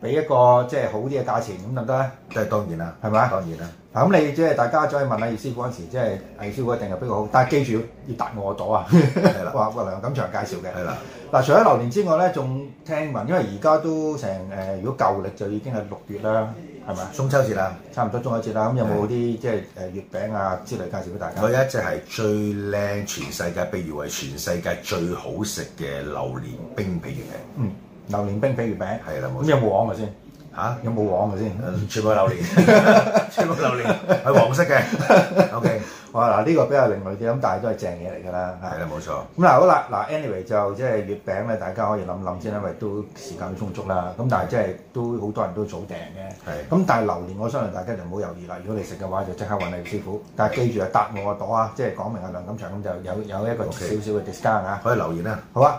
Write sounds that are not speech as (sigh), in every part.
俾一個即係好啲嘅價錢咁得唔得咧？即係當然啦，係咪吧？當然啦。嗱，咁你即係大家再問下易師傅嗰陣時即，即係易師傅一定係比較好。但係記住要，要達我個度啊！係 (laughs) 啦的，哇哇梁錦祥介紹嘅。係啦的。嗱，除咗榴蓮之外咧，仲聽聞，因為而家都成誒、呃，如果舊歷就已經係六月啦，係咪？中秋節啦，差唔多中秋節啦。咁的有冇啲即係誒月餅啊之類介紹俾大家？佢一隻係最靚全世界，被譽為全世界最好食嘅榴蓮冰皮月餅。嗯。榴蓮冰皮月餅係啦，咁有冇黃嘅先？嚇，有冇黃嘅先？全部榴蓮，全部榴蓮，係黃色嘅。OK，哇嗱，呢個比較另類啲，咁但係都係正嘢嚟㗎啦。係啦，冇錯。咁嗱，好啦，嗱，anyway 就即係月餅咧，大家可以諗諗先，因為都時間充足啦。咁但係即係都好多人都早訂嘅。係。咁但係榴蓮，我相信大家就唔好猶豫啦。如果你食嘅話，就即刻揾你師傅。但係記住啊，搭我個朵啊，即係講明阿梁錦祥咁就有有一個少少嘅 discount 啊。可以留言啊，好啊。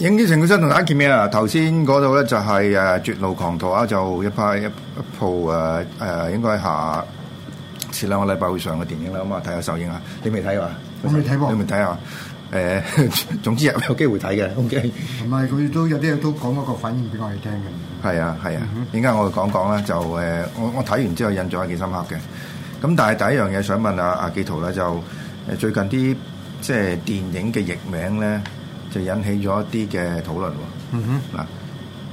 影啲情佢新同睇啲咩啊？頭先嗰度咧就係誒絕路狂逃啊，就一派一一部誒誒應該下前兩個禮拜會上嘅電影啦，咁啊睇下首映啊，你未睇哇？我未睇喎。你未睇啊？誒，總之有有機會睇嘅。O K。唔係，佢都有啲都講嗰個反應俾我哋聽嘅。係啊係啊。點解我哋講講咧？就誒，我我睇完之後印象係幾深刻嘅。咁但係第一樣嘢想問阿阿紀陶咧，就誒最近啲即係電影嘅譯名咧。就引起咗一啲嘅討論喎，嗱、嗯哼啊，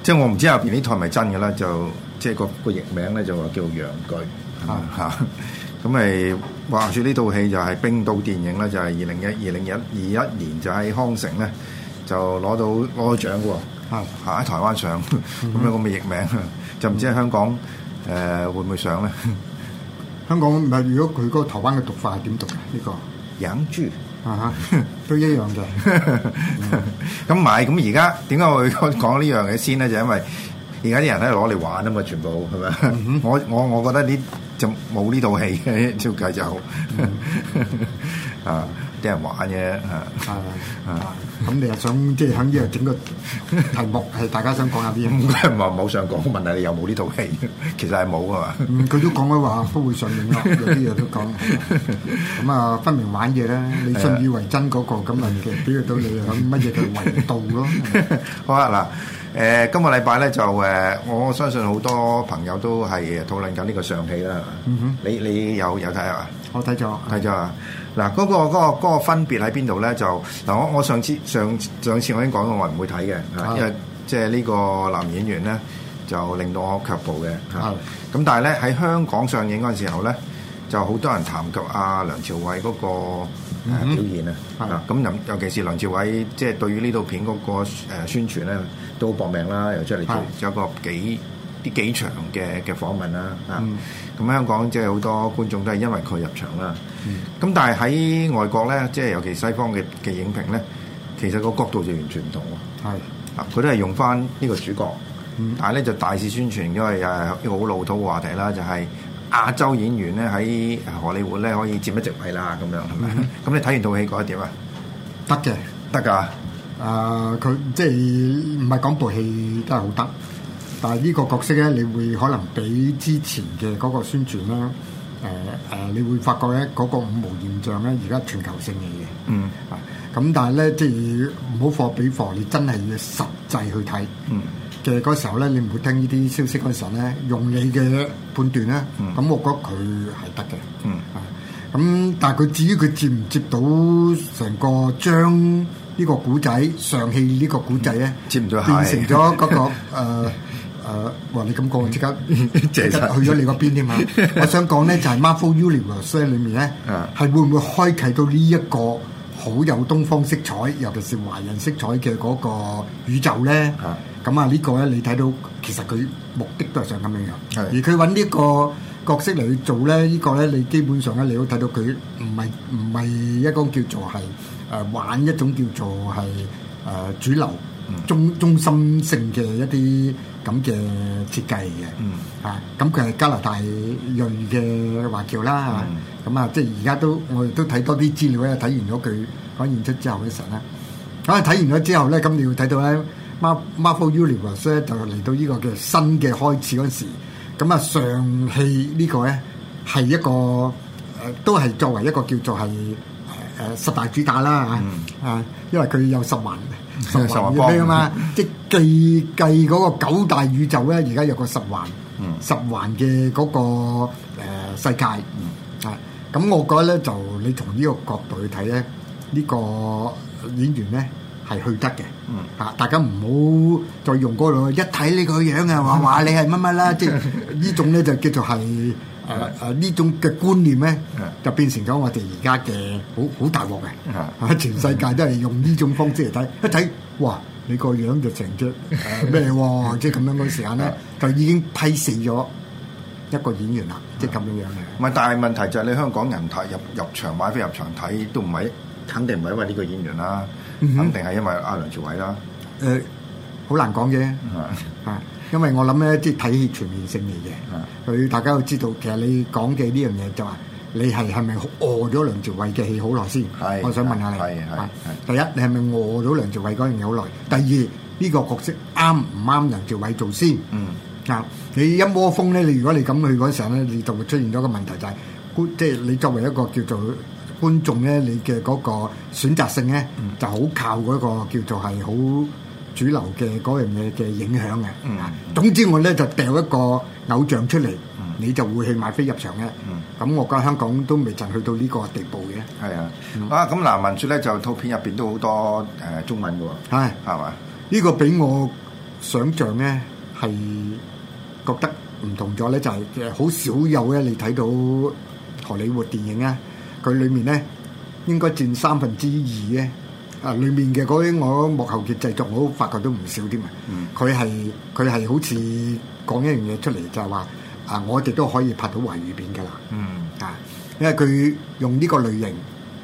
即係我唔知入邊呢台咪真嘅啦，就即係，那個個譯名咧就話叫羊具嚇，咁誒、啊嗯啊、話説呢套戲就係冰島電影咧，就係二零一二零一二一年就喺康城咧就攞到攞到獎嘅喎，喺、嗯啊、台灣上，咁樣咁嘅譯名， (laughs) 嗯、哼 (laughs) 就唔知喺香港誒、呃、會唔會上咧？香港唔係如果佢嗰個台灣嘅讀法係點讀咧？呢、這個羊具。啊都一樣嘅。咁、嗯、唔係，咁而家點解我會講呢樣嘢先咧？就係、因為而家啲人喺度攞嚟玩啊嘛，全部係咪？嗯、哼我我我覺得呢就冇呢套戲嘅設計就啊。啲人玩嘅，啊啊 (laughs) (laughs) 啊！咁、啊、你又想 (laughs) 即係喺呢度整個題目，係大家想講下啲嘢，唔好想講？問題你有冇呢套戲？其實係冇啊嘛。嗯，佢都講咗話不會上映咯，有啲嘢都講。咁啊、， (laughs) 嗯、啊，分明玩嘢啦，你信以為真嗰、嗰個咁啊，俾到你響乜嘢嘅維度咯。好啊嗱。 (laughs) 誒、呃，今個禮拜咧就誒、呃，我相信好多朋友都係討論緊呢個尚志啦。嗯、哼，你你有有睇啊？我睇咗，睇咗。嗱，嗰個嗰個分別喺邊度咧？就嗱，我我上次上上次我已經講過我，我唔會睇嘅，因為、啊、即係呢個男演員咧就令到我卻步嘅。啊、嗯，咁、嗯、但係咧喺香港上映嗰陣時候咧。就好多人談及阿梁朝偉嗰、那個、嗯、表現啊，咁的尤其是梁朝偉，即、就、係、是、對於呢套片嗰個宣傳咧，都好搏命啦，又出嚟做，的有個幾啲幾長嘅嘅訪問啦，啊的，咁、嗯嗯、香港即係好多觀眾都係因為佢入場啦，咁、嗯、但係喺外國咧，即係尤其西方嘅嘅影評咧，其實個角度就完全唔同喎，係的，佢、嗯、都係用翻呢個主角，但係咧就大肆、大肆宣傳，因為誒一個好老土嘅話題啦，就係、是。亞洲演員咧，喺荷里活咧，可以佔一席位啦，咁樣係咪？咁、嗯、 (laughs) 你睇完套戲覺得點啊？得嘅的，得㗎的。啊、呃，佢即係唔係講部戲都係好得，但係呢個角色咧，你會可能比之前嘅嗰個宣傳啦，誒、呃、誒、呃，你會發覺咧嗰、嗰個五毛現象咧，而家全球性嘅嘢。嗯。咁但係咧，即係唔好貨比貨，你真係要實際去睇。嗯。嘅嗰時候咧，你唔會聽呢啲消息嗰時候咧，用你嘅判斷咧，咁、嗯、我覺得佢係得嘅。嗯，咁、嗯、但係佢至於佢接唔接到成個將呢個古仔、上戲呢個古仔咧，接唔到，變成咗嗰、那個誒誒，話、 (laughs) 呃呃、你咁講，即刻即刻去咗你嗰邊添啊！ (laughs) 嗯、我想講咧，就係、是、Marvel Universe 裡面咧，係、嗯、會唔會開啟到呢一個好有東方色彩，尤其是華人色彩嘅嗰個宇，宇宙咧？ (laughs) 咁啊，呢個咧，你睇到其實佢目的都係想咁樣樣，係而佢揾呢個角色嚟去做咧，呢、這個咧，你基本上咧，你都睇到佢唔係唔係一個叫做係誒、呃、玩一種叫做係誒、呃、主流中中心性嘅一啲咁嘅設計嘅，啊，咁佢係加拿大裔嘅華僑啦，咁啊，即係而家都我哋都睇多啲資料咧，睇完咗佢講完出之後嘅時候咧，啊，睇完咗之後咧，咁你要睇到咧。Marvel Universe 咧就嚟到呢個嘅新嘅開始嗰時，咁啊尚志個呢個咧係一個誒、呃、都係作為一個叫做係誒、呃、十大主打啦嚇啊，嗯、因為佢有十環十環嘅嘛， (laughs) 即係計計嗰個九大宇宙咧，而家有個十環、嗯、十環嘅嗰、嗰個、呃、世界、嗯、啊，咁我覺得咧就你從呢個角度去睇咧，呢、呢個演員咧。係去得嘅，嚇、啊！大家唔好再用嗰個一睇、就是、呢個樣啊，話話你係乜乜啦，即係呢種咧就叫做係誒呢種嘅觀念咧，就變成咗我哋而家嘅好好大鑊嘅。全世界都係用呢種方式嚟睇，一睇哇你個樣就成咗咩喎？即係咁樣嗰陣時咧，就已經批死咗一個演員啦，即係咁樣樣嘅。唔係，但係問題就係你香港人睇入入場買飛入場睇都唔係，肯定唔係因為呢個演員啦。肯定係因為阿梁朝偉啦，誒、呃，好難講嘅，啊， (laughs) 因為我諗咧，即係睇戲全面性嚟嘅，佢 (laughs) 大家都知道，其實你講嘅呢樣嘢就係、是、你係係咪餓咗梁朝偉嘅戲好耐先？係， (laughs) 我想問下你，係係 (laughs) 第一你係咪餓咗梁朝偉嗰樣嘢好耐？第二呢、這個角色啱唔啱梁朝偉做先？嗯，啊，你一窩蜂咧，你如果你咁去嗰時候咧，你就會出現咗個問題就係、是、即、就、係、是、你作為一個叫做。觀眾咧，你嘅嗰個選擇性咧，就好靠嗰個叫做係好主流嘅嗰樣嘢嘅影響嘅。嗯，總之我咧就掉一個偶像出嚟，你就會去買飛入場嘅。嗯，咁我覺得香港都未曾去到呢個地步嘅。係啊，啊咁嗱，文説咧就套片入邊都好多誒中文嘅喎。係係嘛？呢個比我想象咧係覺得唔同咗咧，就係誒好少有咧，你睇到荷里活電影咧。佢裏面咧應該佔三分之二嘅。啊，啊裏面嘅嗰啲我幕後嘅製作，我都發覺都唔少添啊。嗯，佢係佢係好似講一樣嘢出嚟，就係話啊，我哋都可以拍到華語片噶啦。嗯，啊，因為佢用呢個類型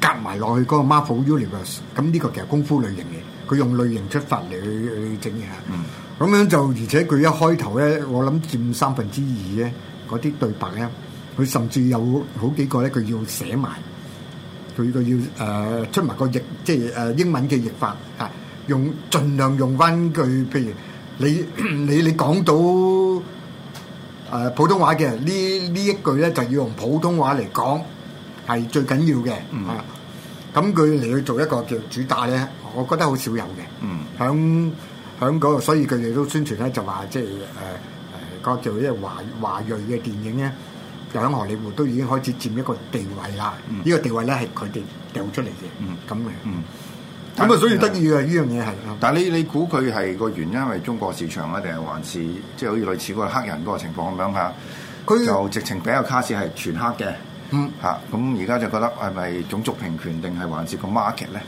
夾埋落去嗰個 Marvel Universe，咁呢個其實功夫類型嘅，佢用類型出發嚟去去整嘢。嗯，咁樣就而且佢一開頭咧，我諗佔三分之二嘅嗰啲對白咧。佢甚至有好幾個咧，佢要寫埋，佢、呃、個要誒出埋個譯，即係誒英文嘅譯法啊，用盡量用返句，譬如你你你講到誒、呃、普通話嘅呢呢一句咧，就要用普通話嚟講，係最緊要嘅、mm hmm。啊！咁佢嚟去做一個叫主打咧，我覺得好少有嘅。嗯、mm，響響嗰個，所以佢哋都宣傳咧、就是，就話即係誒誒嗰個叫即係華華裔嘅電影咧。就喺荷里活都已經開始佔一個地位啦，呢、嗯、個地位咧係佢哋掉出嚟嘅，咁嘅、嗯。咁、嗯、啊，所以得意啊，呢樣嘢係。是但係你你估佢係個原因係中國市場啊，定係還是即係好似類似嗰個黑人嗰個情況咁樣嚇？佢就直情比較卡士係全黑嘅，嗯嚇。咁而家就覺得係咪種族平權定係還是個 market 咧？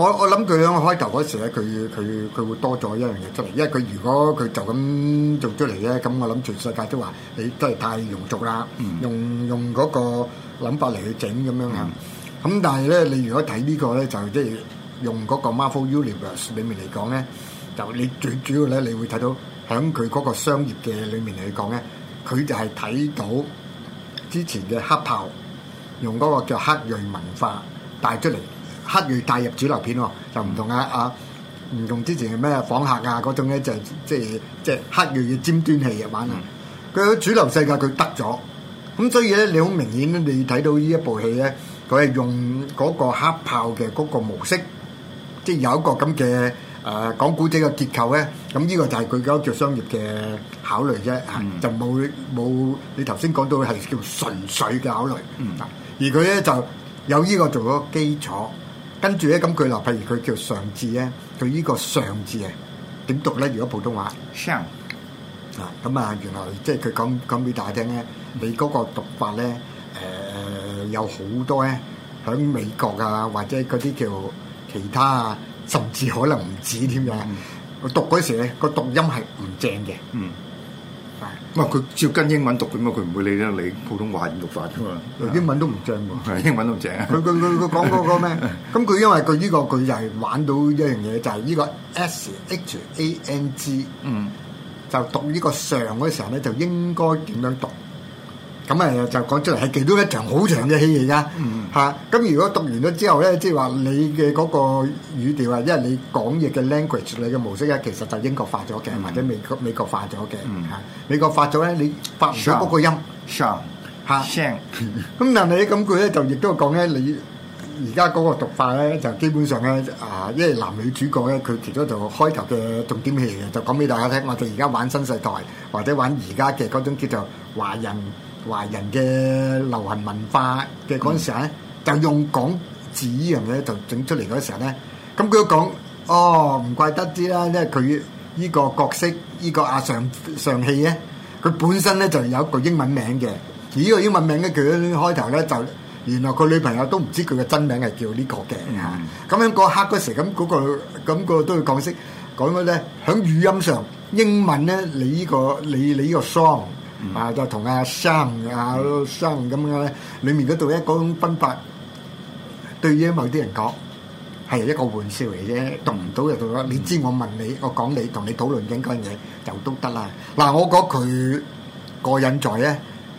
我我諗佢喺開頭嗰時咧，佢佢佢會多咗一樣嘢出嚟，因為佢如果佢就咁做出嚟咧，咁我諗全世界都話你真係太庸俗啦，用用嗰個諗法嚟去整咁樣啊！咁但係咧，你如果睇呢個咧，就即係用嗰個 Marvel Universe 裡面嚟講咧，就你最主要咧，你會睇到喺佢嗰個商業嘅裡面嚟講咧，佢就係睇到之前嘅黑豹用嗰個叫黑裔文化帶出嚟。黑月帶入主流片喎，就唔同啊啊，唔同之前係咩訪客啊嗰種咧，就即係即係黑月嘅尖端戲嚟玩啊！佢喺主流世界佢得咗，咁所以咧，你好明顯咧，你睇到依一部戲咧，佢係用嗰個黑豹嘅嗰個模式，即係有一個咁嘅誒講古仔嘅結構咧，咁依個就係佢叫商業嘅考慮啫嚇，就冇冇你頭先講到係叫純粹嘅考慮，而佢咧就有依個做咗個基礎。跟住咧，咁佢話，譬如佢叫尚志咧，對呢個尚志啊，點讀咧？如果普通話，上啊像，咁啊，原來即係佢講講俾大家聽咧，你嗰個讀法咧，誒、呃、有好多咧，喺美國啊，或者嗰啲叫其他啊，甚至可能唔止添嘅，我、嗯、讀嗰時咧個讀音係唔正嘅。嗯。唔係佢照跟英文讀嘅嘛，佢唔會理得你普通話點讀法嘅嘛，英文都唔正喎， (laughs) 英文都唔正，啊。 (laughs) 佢佢佢佢講嗰個咩？咁佢 (laughs) 因為佢呢、這個佢就係玩到一樣嘢，就係、是、呢個 S H A N G，嗯，就讀呢個上嗰時候咧，就應該點樣讀？咁啊，就講、嗯、出嚟係幾多一場好長嘅戲嚟噶嚇。咁、嗯、如果讀完咗之後咧，即係話你嘅嗰個語調啊，因為你講嘢嘅 language 你嘅模式咧，其實就英國化咗嘅，嗯、或者美國、嗯、美國化咗嘅嚇。美國化咗咧，你發唔出嗰個音 shang 嚇 sheng 咁、嗯嗯、但係咁佢咧就亦都講咧，你而家嗰個讀法咧就基本上咧啊，因為男女主角咧佢其中就開頭嘅重點戲嚟嘅，就講俾大家聽。我哋而家玩新世代，或者玩而家嘅嗰種叫做華人。華人嘅流行文化嘅嗰陣時咧，嗯、就用港字樣嘢就整出嚟嗰陣時咧，咁佢都講，哦，唔怪得之啦，因為佢呢個角色、呢個啊、呢個阿尚尚氣咧，佢本身咧就有一個英文名嘅，而呢個英文名咧佢一開頭咧就原來佢女朋友都唔知佢嘅真名係叫呢個嘅嚇，咁樣嗰刻嗰時咁嗰、嗰個咁、嗰個都要講識講咗咧響語音上英文咧，你呢、呢個你你呢個 song。Mm hmm. 啊！就同阿生、阿生咁樣咧，裏面嗰度咧嗰種分法，對於某啲人講係一個玩笑嚟啫，讀唔到就讀得。你知我問你，我講你同你討論緊嗰樣嘢就都得啦。嗱，我覺得佢個人在咧，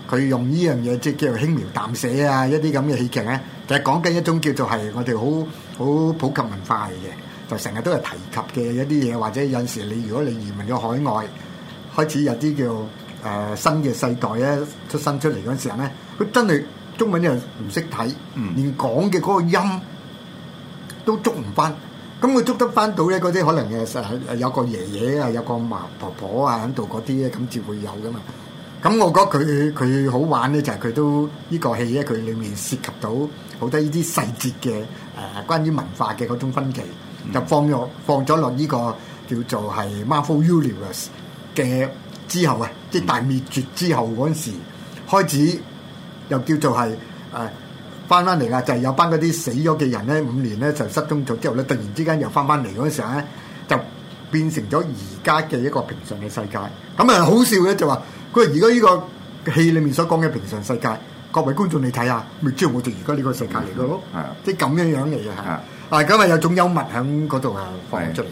佢用呢樣嘢即係叫做輕描淡寫啊，一啲咁嘅戲劇咧，就係講緊一種叫做係我哋好好普及文化嚟嘅，就成日都係提及嘅一啲嘢，或者有時你如果你移民咗海外，開始有啲叫～誒，新嘅世代咧，出生出嚟嗰陣時候咧，佢真係中文又唔識睇，連講嘅嗰個音都捉唔翻。咁佢捉得翻到咧，嗰啲可能誒實有個爺爺啊，有個嫲婆婆，婆，婆啊喺度嗰啲咧，咁至會有噶嘛。咁我覺得佢佢好玩咧，就係佢都呢個戲咧，佢裡面涉及到好多呢啲細節嘅誒、呃，關於文化嘅嗰種分歧，嗯、就放咗放咗落呢個叫做係 Marvel Universe 嘅。之後啊，即係大滅絕之後嗰時開始，又叫做係誒翻翻嚟啦，就係有班嗰啲死咗嘅人咧，五年咧就失蹤咗之後咧，突然之間又翻翻嚟嗰陣時咧，就變成咗而家嘅一個平常嘅世界。咁啊好笑嘅就話佢話而家呢個戲裏面所講嘅平常世界，各位觀眾你睇下，咪即係我哋而家呢個世界嚟嘅咯，即係咁樣樣嚟嘅吓。啊咁啊，有種幽默喺嗰度啊，放出嚟。